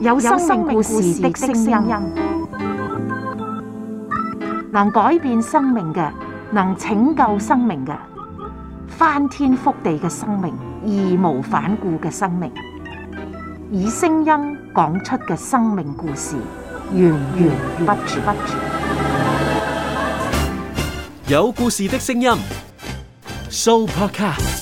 有生命故事的聲音，能改變生命嘅，能拯救生命嘅，翻天覆地嘅生命，義無反顧嘅生命，以聲音講出嘅生命故事，源源不絕。有故事的聲音，Supercar。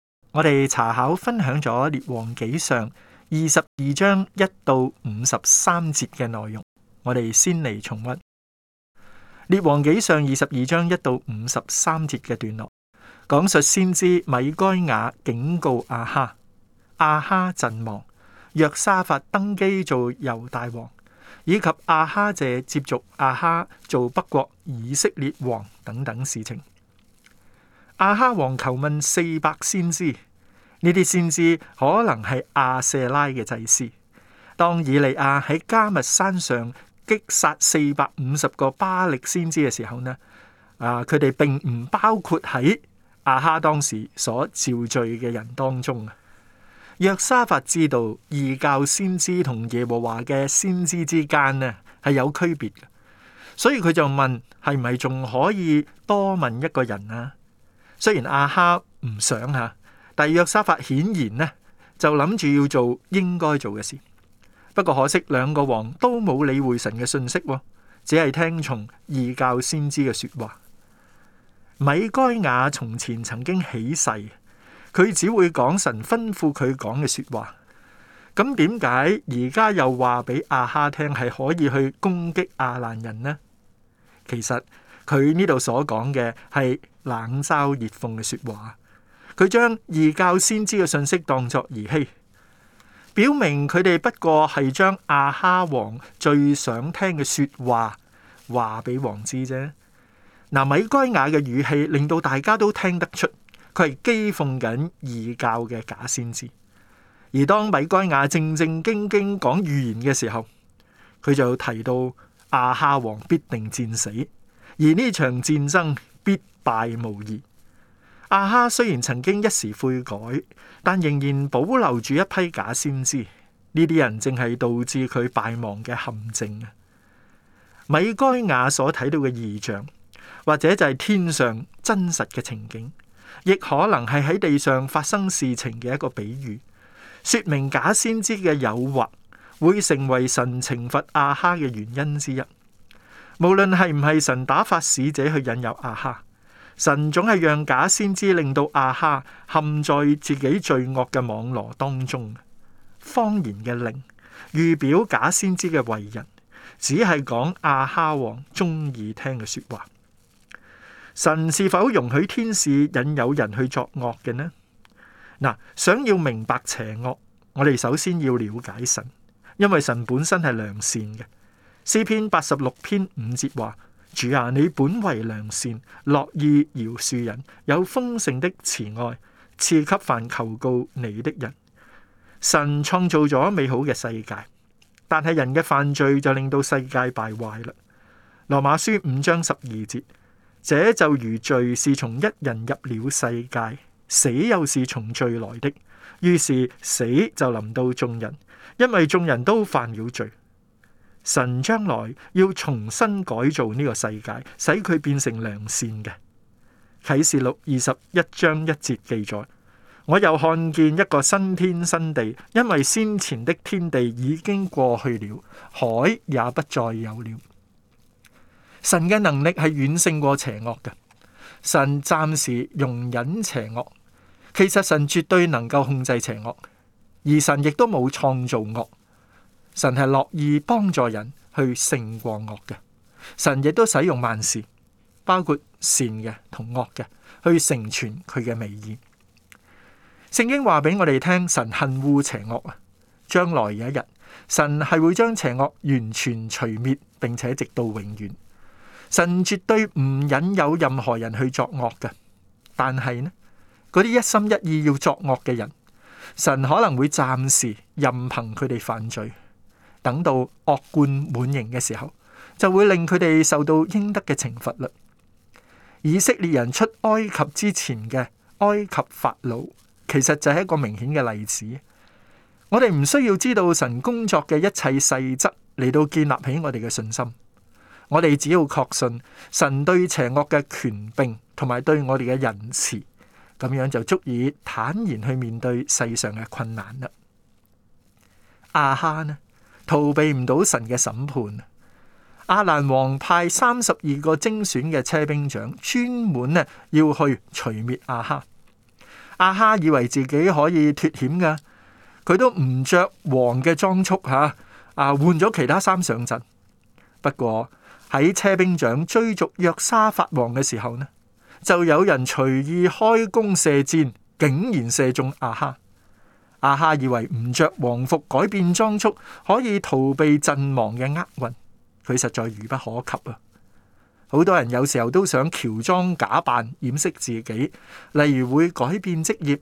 我哋查考分享咗《列王紀上》二十二章一到五十三節嘅內容，我哋先嚟重溫《列王紀上》二十二章一到五十三節嘅段落，講述先知米該雅警告亞哈，亞哈陣亡，約沙法登基做猶大王，以及亞哈謝接續亞哈做北國以色列王等等事情。亞哈王求問四百先知，呢啲先知可能係亞舍拉嘅祭司。當以利亞喺迦密山上擊殺四百五十個巴力先知嘅時候呢？啊，佢哋並唔包括喺亞哈當時所召聚嘅人當中啊。約沙法知道異教先知同耶和華嘅先知之間呢係有區別嘅，所以佢就問：係咪仲可以多問一個人啊？雖然亞哈唔想吓，但約沙法顯然呢就諗住要做應該做嘅事。不過可惜，兩個王都冇理會神嘅信息，只係聽從異教先知嘅說話。米該雅從前曾經起誓，佢只會講神吩咐佢講嘅說話。咁點解而家又話俾亞哈聽係可以去攻擊亞蘭人呢？其實佢呢度所講嘅係。冷嘲熱諷嘅說話，佢將異教先知嘅信息當作兒戲，表明佢哋不過係將亞哈王最想聽嘅說話話俾王知啫。嗱、啊，米該亞嘅語氣令到大家都聽得出，佢係譏諷緊異教嘅假先知。而當米該亞正正經經講預言嘅時候，佢就提到亞哈王必定戰死，而呢場戰爭。敗無疑。阿哈雖然曾經一時悔改，但仍然保留住一批假先知。呢啲人正係導致佢敗亡嘅陷阱。米該亞所睇到嘅異象，或者就係天上真實嘅情景，亦可能係喺地上發生事情嘅一個比喻，說明假先知嘅誘惑會成為神懲罰阿哈嘅原因之一。無論係唔係神打發使者去引誘阿哈。神總係讓假先知令到阿哈陷在自己罪惡嘅網羅當中。謊言嘅靈，預表假先知嘅為人，只係講阿哈王中意聽嘅說話。神是否容許天使引誘人去作惡嘅呢？嗱，想要明白邪惡，我哋首先要了解神，因為神本身係良善嘅。詩篇八十六篇五節話。主啊，你本為良善，樂意饒恕人，有豐盛的慈愛，賜給凡求告你的人。神創造咗美好嘅世界，但係人嘅犯罪就令到世界敗壞啦。羅馬書五章十二節：這就如罪是從一人入了世界，死又是從罪來的，於是死就臨到眾人，因為眾人都犯了罪。神將來要重新改造呢個世界，使佢變成良善嘅。啟示錄二十一章一節記載：我又看見一個新天新地，因為先前的天地已經過去了，海也不再有了。神嘅能力係遠勝過邪惡嘅。神暫時容忍邪惡，其實神絕對能夠控制邪惡，而神亦都冇創造惡。神係樂意幫助人去勝過惡嘅。神亦都使用萬事，包括善嘅同惡嘅，去成全佢嘅美意。聖經話俾我哋聽，神恨惡邪惡啊。將來有一日，神係會將邪惡完全除滅，並且直到永遠。神絕對唔忍有任何人去作惡嘅。但係呢嗰啲一心一意要作惡嘅人，神可能會暫時任憑佢哋犯罪。等到惡貫滿盈嘅時候，就會令佢哋受到應得嘅懲罰啦。以色列人出埃及之前嘅埃及法老，其實就係一個明顯嘅例子。我哋唔需要知道神工作嘅一切細則嚟，到建立起我哋嘅信心。我哋只要確信神對邪惡嘅權柄，同埋對我哋嘅仁慈，咁樣就足以坦然去面對世上嘅困難啦。亞哈呢？逃避唔到神嘅審判，亞蘭王派三十二個精選嘅車兵長，專門呢要去除滅亞哈。亞哈以為自己可以脱險㗎，佢都唔着王嘅裝束吓，啊換咗其他衫上陣。不過喺車兵長追逐約沙法王嘅時候呢，就有人隨意開弓射箭，竟然射中亞哈。阿哈以為唔着皇服，改變裝束可以逃避陣亡嘅厄運，佢實在愚不可及啊！好多人有時候都想喬裝假扮，掩飾自己，例如會改變職業、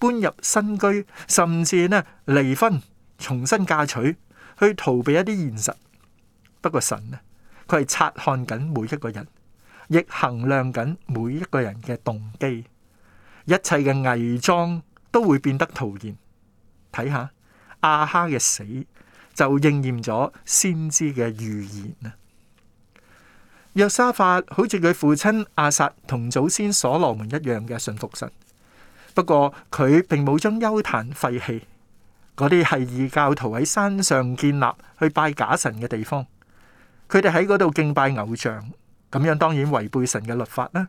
搬入新居，甚至呢離婚、重新嫁娶，去逃避一啲現實。不過神呢，佢係察看緊每一個人，亦衡量緊每一個人嘅動機，一切嘅偽裝都會變得徒然。睇下亞哈嘅死就應驗咗先知嘅預言啦。約沙法好似佢父親亞撒同祖先所羅門一樣嘅信服神，不過佢並冇將丘壇廢棄，嗰啲係異教徒喺山上建立去拜假神嘅地方，佢哋喺嗰度敬拜偶像，咁樣當然違背神嘅律法啦。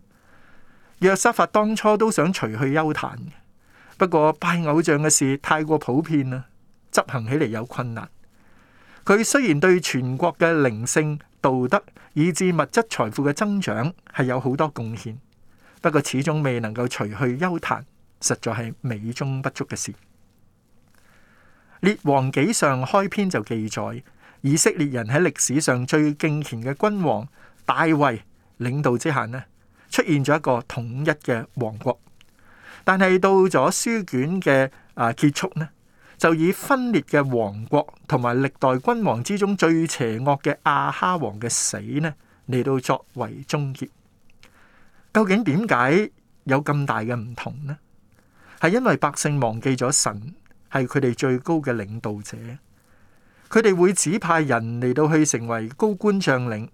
約沙法當初都想除去丘壇。不過拜偶像嘅事太過普遍啦，執行起嚟有困難。佢雖然對全國嘅靈性、道德以至物質財富嘅增長係有好多貢獻，不過始終未能夠除去邱壇，實在係美中不足嘅事。列王紀上開篇就記載，以色列人喺歷史上最敬虔嘅君王、大衛領導之下呢，出現咗一個統一嘅王國。但係到咗書卷嘅啊結束呢，就以分裂嘅王國同埋歷代君王之中最邪惡嘅亞哈王嘅死呢，嚟到作為終結。究竟點解有咁大嘅唔同呢？係因為百姓忘記咗神係佢哋最高嘅領導者，佢哋會指派人嚟到去成為高官將領，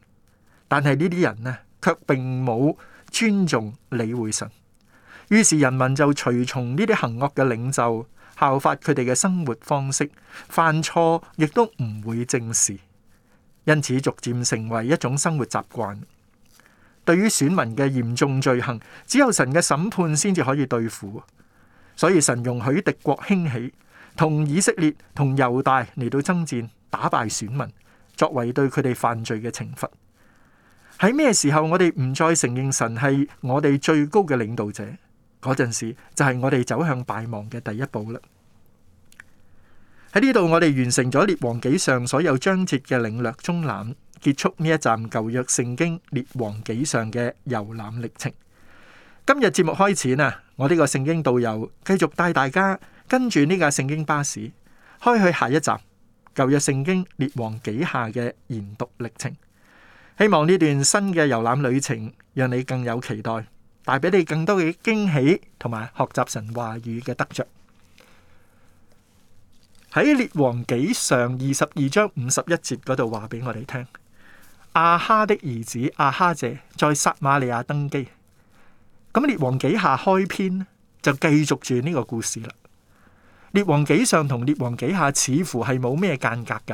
但係呢啲人呢，卻並冇尊重理會神。於是人民就隨從呢啲行惡嘅領袖，效法佢哋嘅生活方式，犯錯亦都唔會正視，因此逐漸成為一種生活習慣。對於選民嘅嚴重罪行，只有神嘅審判先至可以對付。所以神容許敵國興起，同以色列同猶大嚟到爭戰，打敗選民，作為對佢哋犯罪嘅懲罰。喺咩時候我哋唔再承認神係我哋最高嘅領導者？嗰陣時就係我哋走向敗亡嘅第一步啦。喺呢度，我哋完成咗列王紀上所有章節嘅領略，中覽結束呢一站舊約聖經列王紀上嘅遊覽歷程。今日節目開始啊！我呢個聖經導遊繼續帶大家跟住呢架聖經巴士開去下一站舊約聖經列王紀下嘅研讀歷程。希望呢段新嘅遊覽旅程，讓你更有期待。帶俾你更多嘅驚喜，同埋學習神話語嘅得着。喺列王紀上二十二章五十一節嗰度話俾我哋聽，亞哈的兒子亞哈謝在撒馬利亞登基。咁列王紀下開篇就繼續住呢個故事啦。列王紀上同列王紀下似乎係冇咩間隔噶。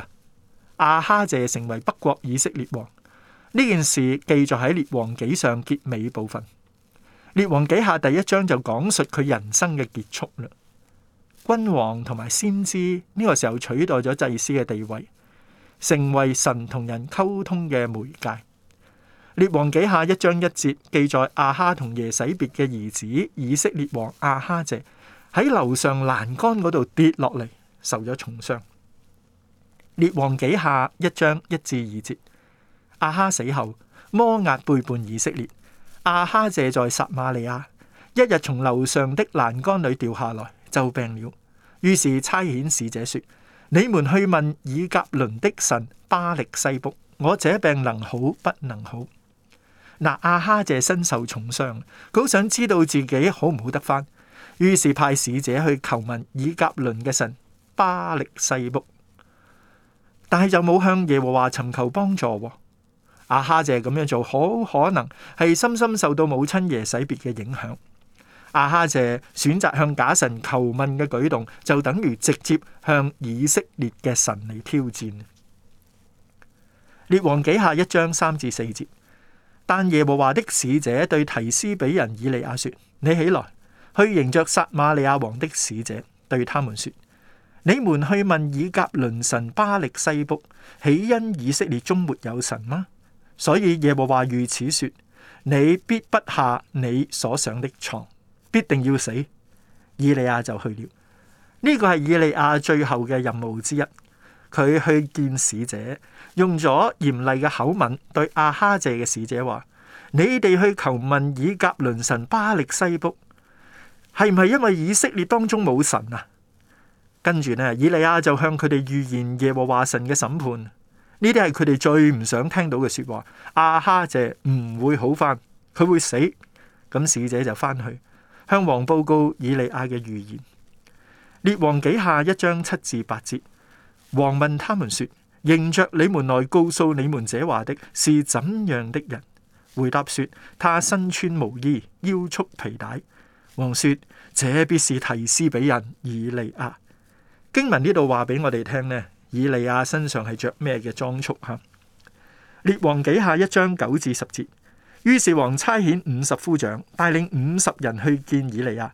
亞哈謝成為北國以色列王呢件事繼續，記載喺列王紀上結尾部分。列王紀下第一章就講述佢人生嘅結束嘞。君王同埋先知呢個時候取代咗祭司嘅地位，成為神同人溝通嘅媒介。列王紀下一章一節記載，亞哈同耶洗別嘅兒子以色列王亞哈謝喺樓上欄杆嗰度跌落嚟，受咗重傷。列王紀下一章一至二節，亞哈死後，摩押背叛以色列。阿哈謝在撒瑪利亞，一日從樓上的欄杆裏掉下來，就病了。於是差遣使者說：你們去問以革倫的神巴力西卜，我這病能好不能好？嗱，阿哈謝身受重傷，好想知道自己好唔好得返，於是派使者去求問以革倫嘅神巴力西卜，但係就冇向耶和華尋求幫助。亞哈謝咁樣做，好可能係深深受到母親耶洗別嘅影響。亞哈謝選擇向假神求問嘅舉動，就等於直接向以色列嘅神嚟挑戰。列王紀下一章三至四節，但耶和華的使者對提斯比人以利亞說：你起來，去迎着撒馬利亞王的使者，對他們說：你們去問以革倫神巴力西卜，豈因以色列中沒有神嗎？所以耶和華如此說：你必不下你所上的床，必定要死。以利亞就去了。呢、這個係以利亞最後嘅任務之一。佢去見使者，用咗嚴厲嘅口吻對亞哈謝嘅使者話：你哋去求問以格倫神巴力西卜，係唔係因為以色列當中冇神啊？跟住呢，以利亞就向佢哋預言耶和華神嘅審判。呢啲係佢哋最唔想聽到嘅說話。阿哈謝唔會好翻，佢會死。咁使者就翻去向王報告以利亞嘅預言。列王紀下一章七至八節，王問他們說：認着你們來告訴你們這話的是怎樣的人？回答說：他身穿毛衣，腰束皮帶。王說：這必是提斯比人以利亞。經文呢度話俾我哋聽呢？以利亞身上係着咩嘅裝束？哈！列王紀下一章九至十節，於是王差遣五十夫長帶領五十人去見以利亞，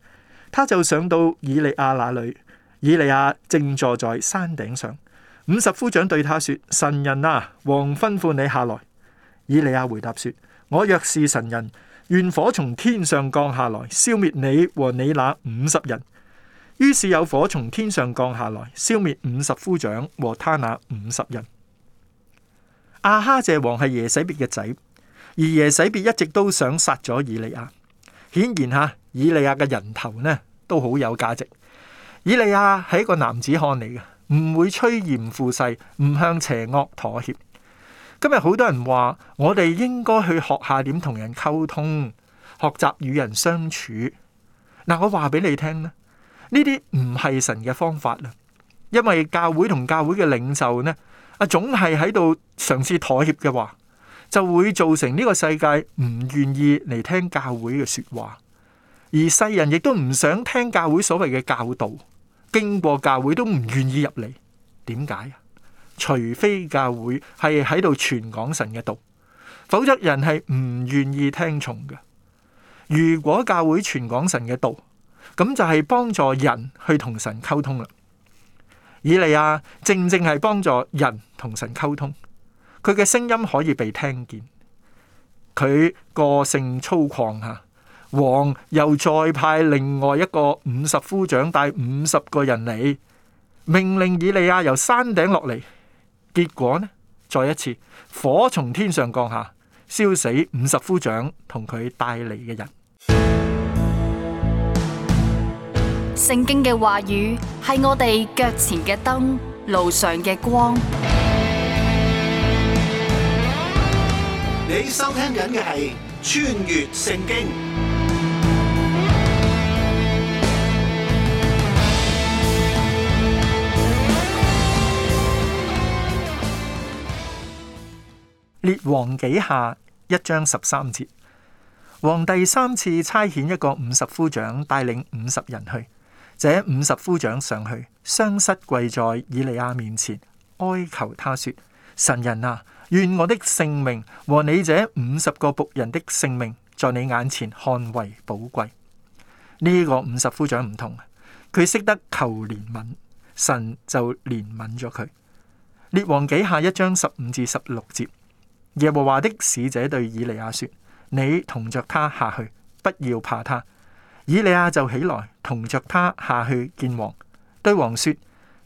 他就上到以利亞那裏，以利亞正坐在山頂上，五十夫長對他說：神人啊，王吩咐你下來。以利亞回答說：我若是神人，願火從天上降下來，消滅你和你那五十人。於是有火從天上降下來，消滅五十夫長和他那五十人。阿哈謝王係耶洗別嘅仔，而耶洗別一直都想殺咗以利亞。顯然吓，以利亞嘅人頭呢都好有價值。以利亞係一個男子漢嚟嘅，唔會趨炎附勢，唔向邪惡妥協。今日好多人話，我哋應該去學下點同人溝通，學習與人相處。嗱，我話俾你聽咧。呢啲唔係神嘅方法啊！因為教會同教會嘅領袖呢，啊總係喺度嘗試妥協嘅話，就會造成呢個世界唔願意嚟聽教會嘅說話，而世人亦都唔想聽教會所謂嘅教導，經過教會都唔願意入嚟。點解啊？除非教會係喺度傳講神嘅道，否則人係唔願意聽從嘅。如果教會傳講神嘅道，咁就係幫助人去同神溝通啦。以利亞正正係幫助人同神溝通，佢嘅聲音可以被聽見。佢個性粗獷吓，王又再派另外一個五十夫長帶五十個人嚟，命令以利亞由山頂落嚟。結果呢，再一次火從天上降下，燒死五十夫長同佢帶嚟嘅人。聖經嘅話語係我哋腳前嘅燈，路上嘅光。你收聽緊嘅係《穿越聖經》。列王幾下一章十三節，王第三次差遣一個五十夫長帶領五十人去。這五十夫長上去，雙膝跪在以利亞面前，哀求他說：神人啊，願我的性命和你這五十個僕人的性命，在你眼前看為寶貴。呢個五十夫長唔同，佢識得求憐憫，神就憐憫咗佢。列王紀下一章十五至十六節，耶和華的使者對以利亞說：你同着他下去，不要怕他。以利亞就起來，同着他下去見王，對王說：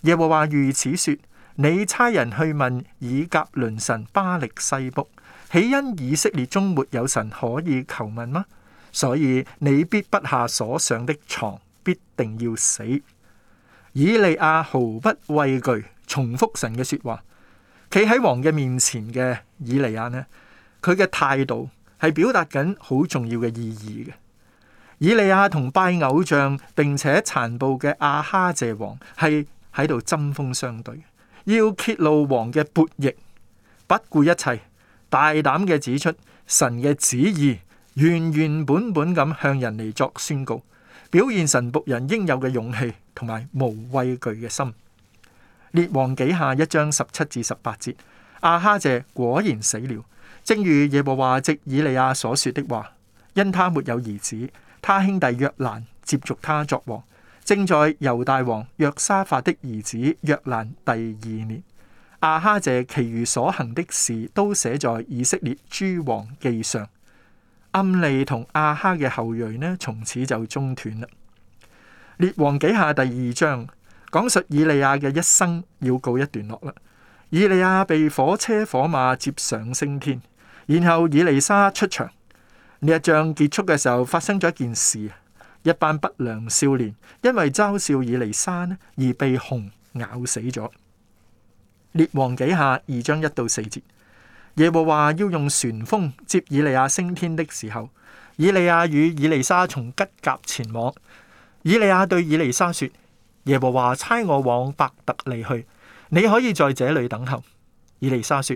耶和華如此說，你差人去問以革倫神巴力西卜，豈因以色列中沒有神可以求問嗎？所以你必不下所上的床，必定要死。以利亞毫不畏懼，重複神嘅說話，企喺王嘅面前嘅以利亞呢，佢嘅態度係表達緊好重要嘅意義嘅。以利亞同拜偶像並且殘暴嘅阿哈謝王係喺度針鋒相對，要揭露王嘅悖逆，不顧一切大膽嘅指出神嘅旨意，原原本本咁向人嚟作宣告，表現神僕人應有嘅勇氣同埋無畏懼嘅心。列王紀下一章十七至十八節，阿哈謝果然死了，正如耶和華藉以利亞所說的話，因他沒有兒子。他兄弟約蘭接續他作王，正在猶大王約沙法的兒子約蘭第二年，亞哈謝其餘所行的事都寫在以色列諸王記上。暗利同亞哈嘅後裔呢，從此就中斷啦。列王記下第二章講述以利亞嘅一生要告一段落啦。以利亞被火車火馬接上升天，然後以利沙出場。呢一仗結束嘅時候，發生咗一件事。一班不良少年因為嘲笑以利沙而被熊咬死咗。列王紀下二章一到四節，耶和華要用旋風接以利亞升天的時候，以利亞與以利沙從吉甲前往。以利亞對以利沙說：耶和華差我往伯特利去，你可以在這裏等候。以利沙說：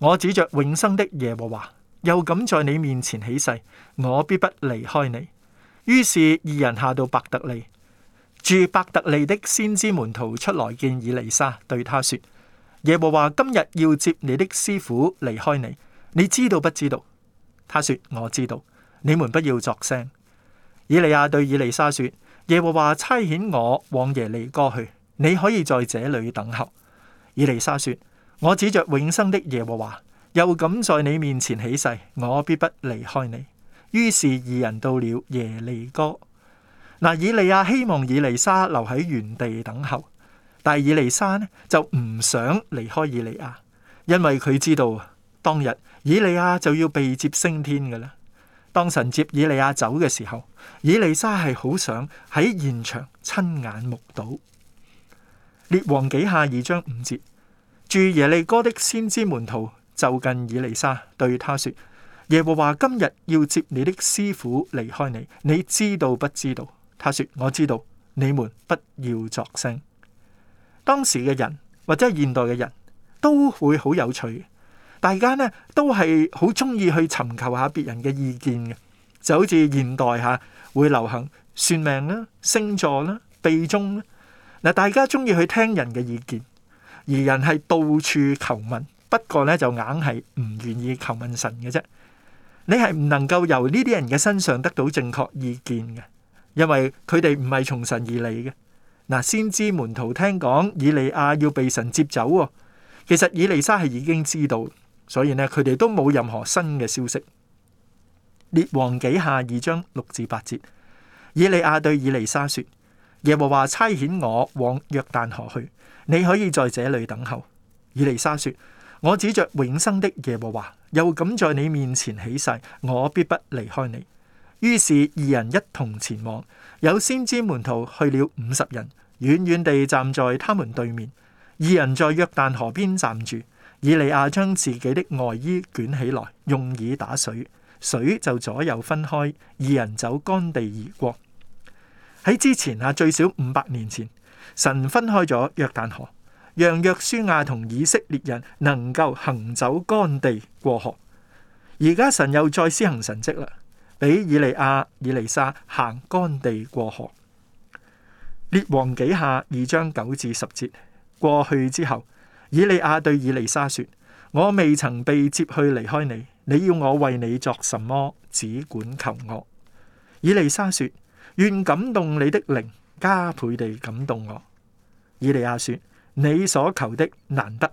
我指着永生的耶和華。又敢在你面前起誓，我必不離開你。於是二人下到伯特利，住伯特利的先知門徒出來見以利沙，對他說：耶和華今日要接你的師傅離開你，你知道不知道？他說：我知道。你們不要作聲。以利亞對以利沙說：耶和華差遣我往耶利哥去，你可以在這裏等候。以利沙說：我指着永生的耶和華。又敢在你面前起誓，我必不離開你。於是二人到了耶利哥。嗱，以利亞希望以利沙留喺原地等候，但係以利沙呢就唔想離開以利亞，因為佢知道當日以利亞就要被接升天嘅啦。當神接以利亞走嘅時候，以利沙係好想喺現場親眼目睹。列王紀下二章五節。住耶利哥的先知門徒。就近以利沙對他說：耶和華今日要接你的師傅離開你，你知道不知道？他說：我知道。你們不要作聲。當時嘅人或者係現代嘅人都會好有趣，大家呢都係好中意去尋求下別人嘅意見嘅，就好似現代吓會流行算命啦、啊、星座啦、啊、秘中啦。嗱，大家中意去聽人嘅意見，而人係到處求問。不過咧，就硬係唔願意求問神嘅啫。你係唔能夠由呢啲人嘅身上得到正確意見嘅，因為佢哋唔係從神而嚟嘅嗱。先知門徒聽講，以利亞要被神接走、哦，其實以利沙係已經知道，所以呢，佢哋都冇任何新嘅消息。列王紀下二章六至八節，以利亞對以利沙說：耶和華差遣我往約旦河去，你可以在這裏等候。以利沙說。我指着永生的耶和華，又敢在你面前起誓，我必不離開你。於是二人一同前往，有先知門徒去了五十人，遠遠地站在他們對面。二人在約旦河邊站住，以利亞將自己的外衣捲起來，用以打水，水就左右分開。二人走乾地而過。喺之前啊，最少五百年前，神分開咗約旦河。讓約書亞同以色列人能夠行走乾地過河。而家神又再施行神蹟啦，俾以利亞、以利沙行乾地過河。列王紀下二章九至十節過去之後，以利亞對以利沙說：我未曾被接去離開你，你要我為你作什麼？只管求我。以利沙說：願感動你的靈加倍地感動我。以利亞說。你所求的難得，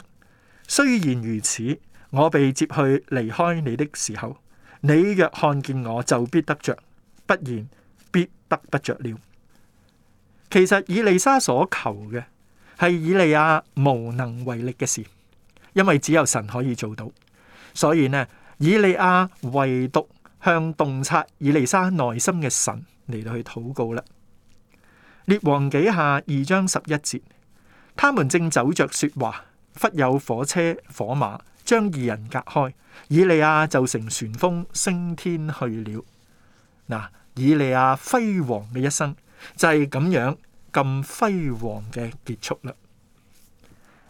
雖然如此，我被接去離開你的時候，你若看見我就必得着，不然必得不着了。其實以利沙所求嘅係以利亞無能為力嘅事，因為只有神可以做到。所以呢，以利亞唯獨向洞察以利沙內心嘅神嚟到去禱告啦。列王紀下二章十一節。他們正走着說話，忽有火車火馬將二人隔開，以利亞就乘旋風升天去了。嗱，以利亞輝煌嘅一生就係、是、咁樣咁輝煌嘅結束啦。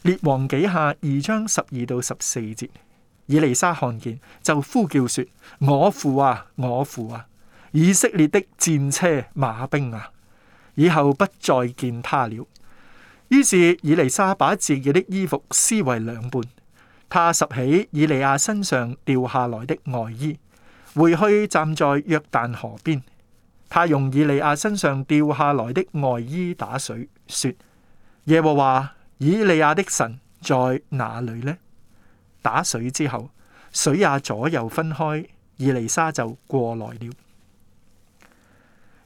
列王紀下二章十二到十四節，以利沙看見就呼叫說：我父啊，我父啊，以色列的戰車馬兵啊，以後不再見他了。於是以利沙把自己的衣服撕為兩半，她拾起以利亞身上掉下來的外衣，回去站在約旦河邊。她用以利亞身上掉下來的外衣打水，說：耶和華以利亞的神在哪裏呢？打水之後，水也左右分開，以利沙就過來了。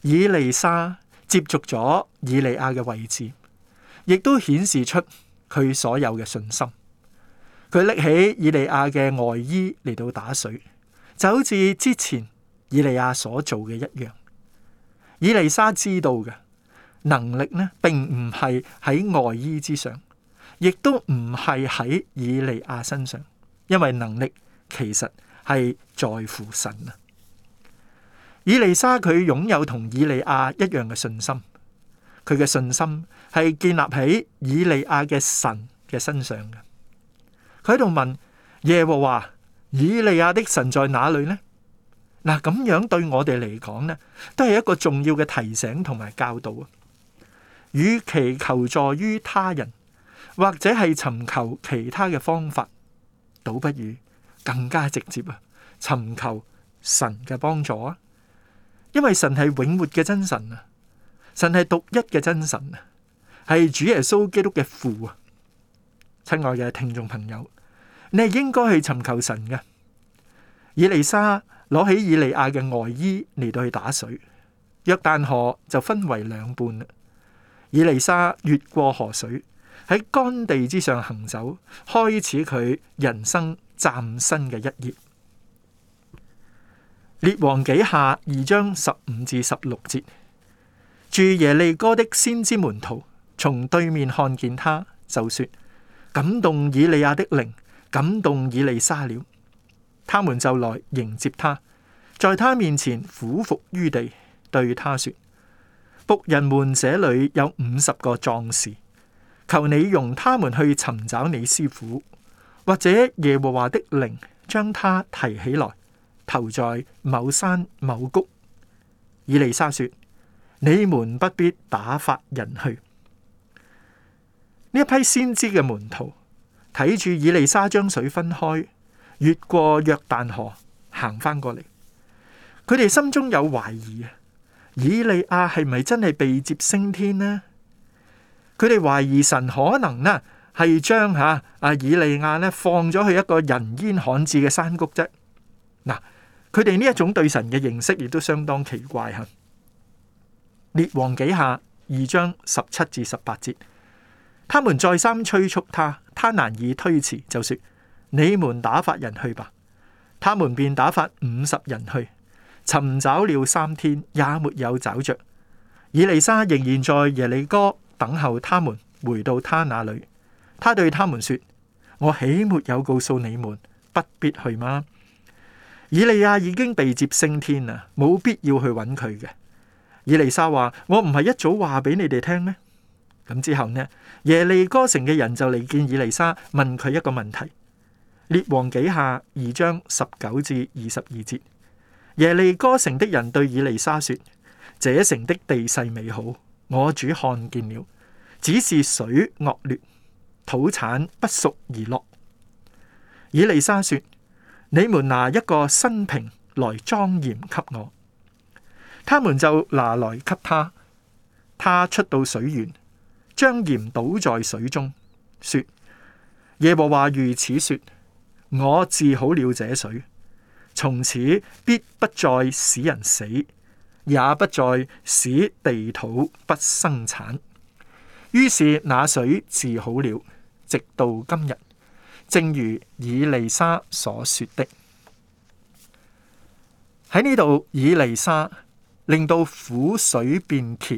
以利沙接續咗以利亞嘅位置。亦都顯示出佢所有嘅信心。佢拎起以利亞嘅外衣嚟到打水，就好似之前以利亞所做嘅一樣。以利沙知道嘅能力呢，並唔係喺外衣之上，亦都唔係喺以利亞身上，因為能力其實係在乎神啊。以利沙佢擁有同以利亞一樣嘅信心。佢嘅信心係建立喺以利亞嘅神嘅身上嘅。佢喺度問耶和華：以利亞的神在哪裏呢？嗱，咁樣對我哋嚟講呢，都係一個重要嘅提醒同埋教導啊。與其求助於他人，或者係尋求其他嘅方法，倒不如更加直接啊，尋求神嘅幫助啊，因為神係永活嘅真神啊。神係獨一嘅真神啊，係主耶穌基督嘅父啊！親愛嘅聽眾朋友，你係應該去尋求神嘅。以利沙攞起以利亞嘅外衣嚟，到去打水，約旦河就分為兩半啦。以利沙越過河水，喺乾地之上行走，開始佢人生嶄新嘅一頁。列王紀下二章十五至十六節。住耶利哥的先知門徒從對面看見他，就說：感動以利亞的靈，感動以利沙了。他們就來迎接他，在他面前俯伏於地，對他說：僕人們這裏有五十個壯士，求你用他們去尋找你師傅，或者耶和華的靈將他提起來，投在某山某谷。以利沙說。你們不必打發人去。呢一批先知嘅門徒睇住以利沙將水分開，越過約旦河行翻過嚟，佢哋心中有懷疑啊！以利亞係咪真係被接升天呢？佢哋懷疑神可能呢係將吓阿以利亞呢放咗去一個人煙罕至嘅山谷啫。嗱，佢哋呢一種對神嘅認識亦都相當奇怪啊！列王紀下二章十七至十八節，他們再三催促他，他難以推辭，就說：你們打發人去吧。他們便打發五十人去，尋找了三天，也沒有找着。以利沙仍然在耶利哥等候他們回到他那裏。他對他們說：我豈沒有告訴你們不必去嗎？以利亞已經被接升天啦，冇必要去揾佢嘅。以利沙話：我唔係一早話俾你哋聽咩？咁之後呢？耶利哥城嘅人就嚟見以利沙，問佢一個問題。列王紀下二章十九至二十二節，耶利哥城的人對以利沙說：這城的地勢美好，我主看見了，只是水惡劣，土產不熟而落。以利沙說：你們拿一個新瓶來裝鹽給我。他們就拿來給他，他出到水源，將鹽倒在水中，說：耶和華如此說，我治好了這水，從此必不再使人死，也不再使地土不生產。於是那水治好了，直到今日，正如以利沙所說的。喺呢度，以利沙。令到苦水變甜，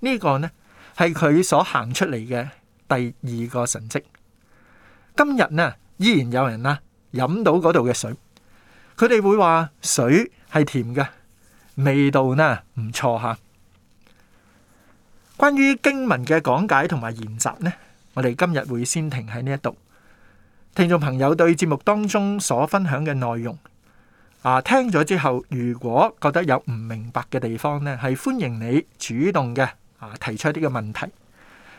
呢、呢個呢係佢所行出嚟嘅第二個神蹟。今日呢依然有人啊飲到嗰度嘅水，佢哋會話水係甜嘅，味道呢唔錯吓。關於經文嘅講解同埋研習呢，我哋今日會先停喺呢一度。聽眾朋友對節目當中所分享嘅內容。啊，聽咗之後，如果覺得有唔明白嘅地方呢，係歡迎你主動嘅啊提出呢個問題。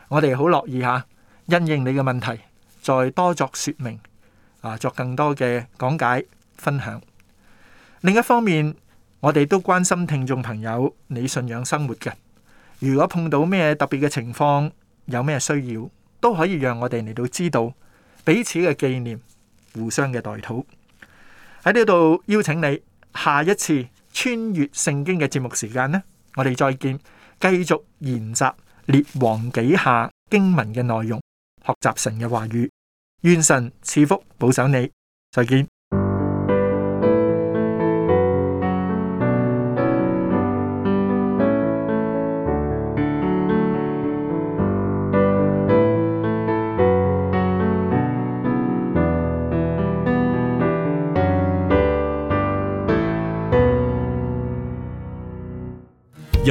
我哋好樂意吓因應你嘅問題，再多作說明啊，作更多嘅講解分享。另一方面，我哋都關心聽眾朋友你信仰生活嘅。如果碰到咩特別嘅情況，有咩需要，都可以讓我哋嚟到知道，彼此嘅紀念，互相嘅代禱。喺呢度邀請你下一次穿越聖經嘅節目時間呢，我哋再見，繼續研習列王紀下經文嘅內容，學習神嘅話語，願神賜福保守你，再見。